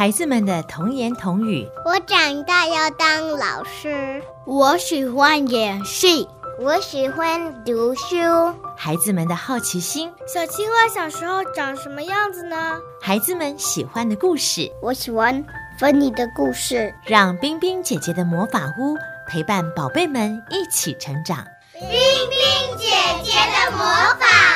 孩子們的童言童語：我長大要當老師，我喜歡演戲，我喜歡讀書。孩子們的好奇心：小青蛙小時候長什麼樣子呢？孩子們喜歡的故事：我喜歡《分你》的故事。讓冰冰姐姐的魔法屋陪伴寶貝們一起成長。冰冰姐姐的魔法。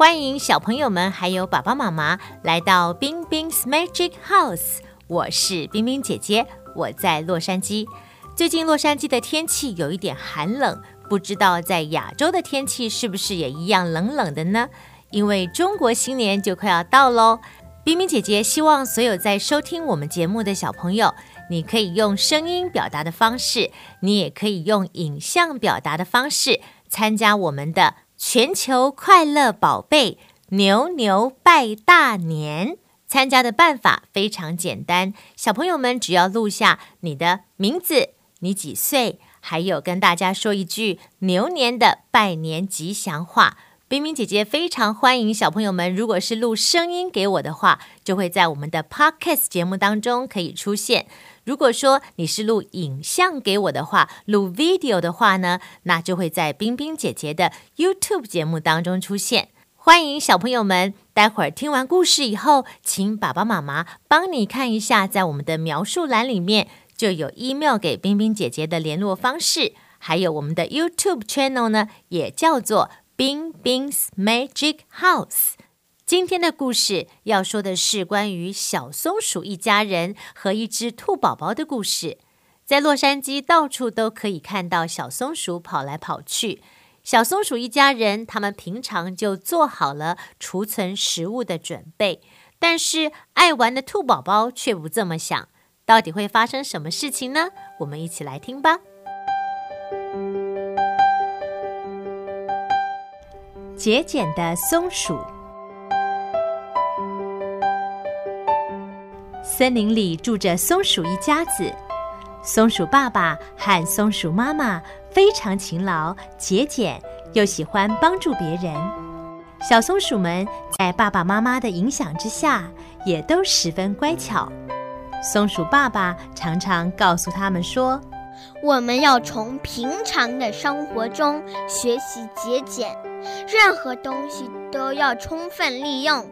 歡迎小朋友們還有爸爸媽媽來到冰冰 's Magic House，我是冰冰姐姐，我在洛杉磯。最近洛杉磯的天氣有一點寒冷，不知道在亞洲的天氣是不是也一樣冷冷的呢？因為中國新年就快要到嘍。冰冰姐姐希望所有在收聽我們節目的小朋友，你可以用聲音表達的方式，你也可以用影像表達的方式參加我們的。全球快樂寶貝牛牛拜大年，參加的辦法非常簡單，小朋友們只要錄下你的名字、你幾歲，還有跟大家說一句牛年的拜年吉祥話。冰冰姐姐非常歡迎小朋友們。如果是錄聲音給我的話，就會在我們的 Podcast 節目當中可以出現。如果說你是錄影像給我的話，錄 Video 的話呢，那就會在冰冰姐姐的 YouTube 節目當中出現。歡迎小朋友們，待會兒聽完故事以後，請爸爸媽媽幫你看一下，在我們的描述欄裡面就有 email 給冰冰姐姐的聯絡方式，還有我們的 YouTube channel 呢，也叫做。Bing Bing's Magic House。今天的故事要說的是關於小松鼠一家人和一隻兔寶寶的故事。在洛杉磯，到處都可以看到小松鼠跑來跑去。小松鼠一家人，他們平常就做好了儲存食物的準備，但是愛玩的兔寶寶卻不這麼想。到底會發生什麼事情呢？我們一起來聽吧。節儉的松鼠。森林裡住着松鼠一家子，松鼠爸爸和松鼠媽媽非常勤勞、節儉，又喜歡幫助別人。小松鼠們在爸爸媽媽的影響之下，也都十分乖巧。松鼠爸爸常常告訴他們說，我們要從平常的生活中學習節儉，任何東西都要充分利用，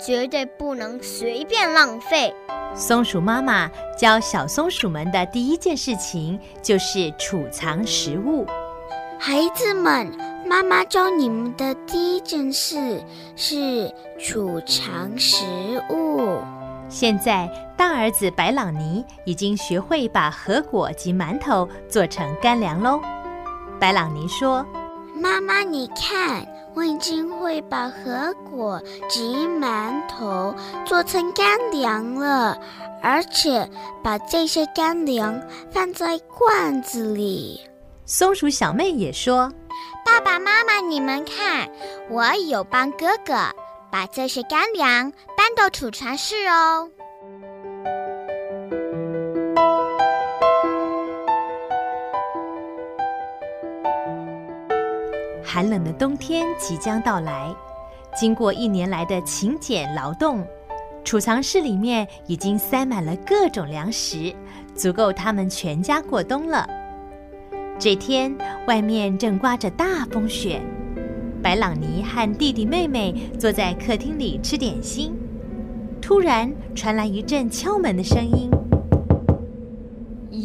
絕對不能隨便浪費。松鼠媽媽教小松鼠們的第一件事情就是儲藏食物。孩子們，媽媽教你們的第一件事是，是儲藏食物。現在，大兒子白朗尼已經學會把核果及饅頭做成乾糧嘍。白朗尼說：“媽媽，你看，我已經會把核果及饅頭做成乾糧了，而且把這些乾糧放在罐子裡。”松鼠小妹也說：“爸爸媽媽，你們看，我有幫哥哥把這些乾糧。”搬到儲藏室哦。寒冷的冬天即將到來，經過一年來的勤儉勞動，儲藏室裡面已經塞滿了各種糧食，足夠他們全家過冬了。這天外面正颳着大風雪，白朗尼和弟弟妹妹坐在客廳裡吃點心。突然傳來一陣敲門的聲音。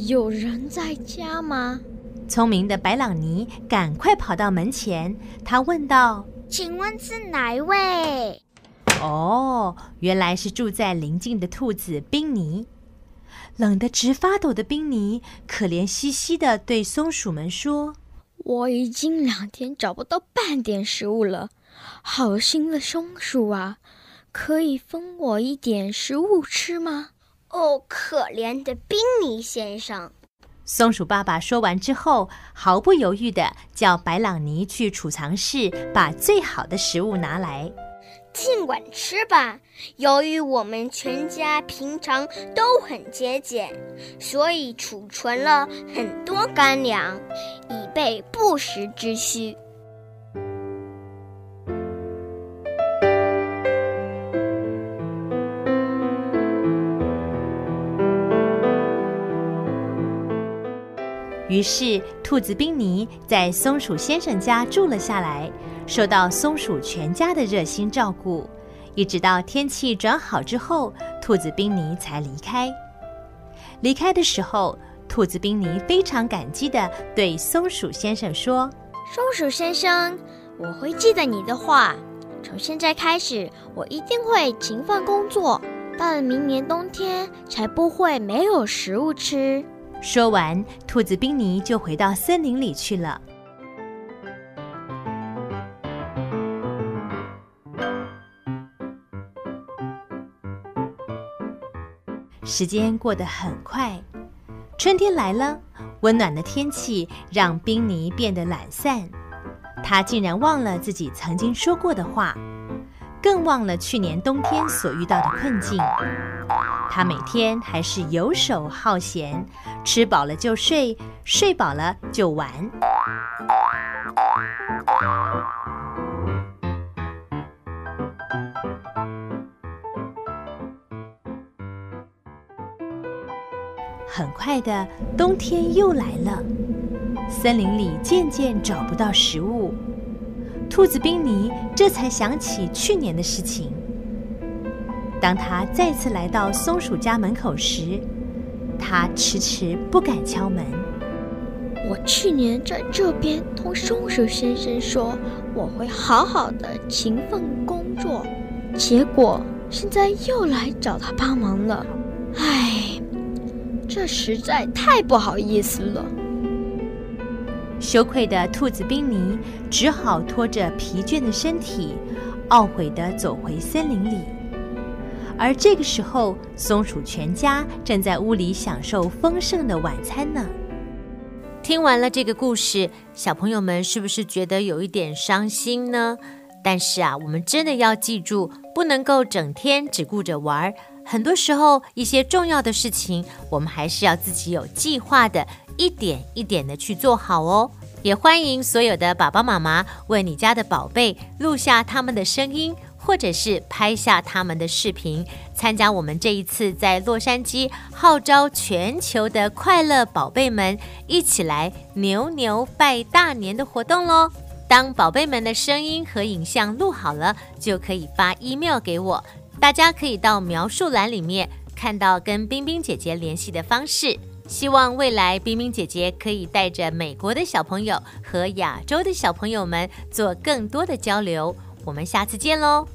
有人在家嗎？聰明的白朗尼趕快跑到門前，他問道：“請問是哪一位？”哦，原來是住在鄰近的兔子賓尼。冷得直發抖的賓尼，可憐兮兮的對松鼠們說：“我已經兩天找不到半點食物了，好心的松鼠啊！”可以分我一點食物吃嗎？哦，可憐的賓尼先生！松鼠爸爸說完之後，毫不猶豫地叫白朗尼去儲藏室，把最好的食物拿來。儘管吃吧，由於我們全家平常都很節儉，所以儲存了很多乾糧，以備不時之需。於是，兔子賓尼在松鼠先生家住了下來，受到松鼠全家的熱心照顧。一直到天氣轉好之後，兔子賓尼才離開。離開的時候，兔子賓尼非常感激地對松鼠先生說：“松鼠先生，我會記得你的話。從現在開始，我一定會勤奮工作，到了明年冬天才不會沒有食物吃。”說完，兔子賓尼就回到森林裡去了。時間過得很快，春天來了，溫暖的天氣讓賓尼變得懶散，他竟然忘了自己曾經說過的話，更忘了去年冬天所遇到的困境。他每天還是游手好閒，吃飽了就睡，睡飽了就玩。很快的冬天又來了，森林裡漸漸找不到食物，兔子賓尼這才想起去年的事情。當他再次來到松鼠家門口時，他遲遲不敢敲門。我去年在這邊同松鼠先生說，我會好好的勤奮工作，結果現在又來找他幫忙了。唉，這實在太不好意思了。羞愧的兔子賓尼只好拖着疲倦的身體，懊悔的走回森林裡。而這個時候，松鼠全家正在屋裡享受豐盛的晚餐呢。聽完了這個故事，小朋友們是不是覺得有一點傷心呢？但是啊，我們真的要記住，不能夠整天只顧着玩。很多時候，一些重要的事情，我們還是要自己有計劃的，一點一點的去做好哦。也歡迎所有的爸爸媽媽為你家的寶貝錄下他們的聲音。或者是拍下他們的視頻，參加我們這一次在洛杉磯號召全球的快樂寶貝們一起來牛牛拜大年的活動嘍！當寶貝們的聲音和影像錄好了，就可以發 email 給我。大家可以到描述欄裡面看到跟冰冰姐姐聯繫的方式。希望未來冰冰姐姐可以帶着美國的小朋友和亞洲的小朋友們做更多的交流。我們下次見嘍。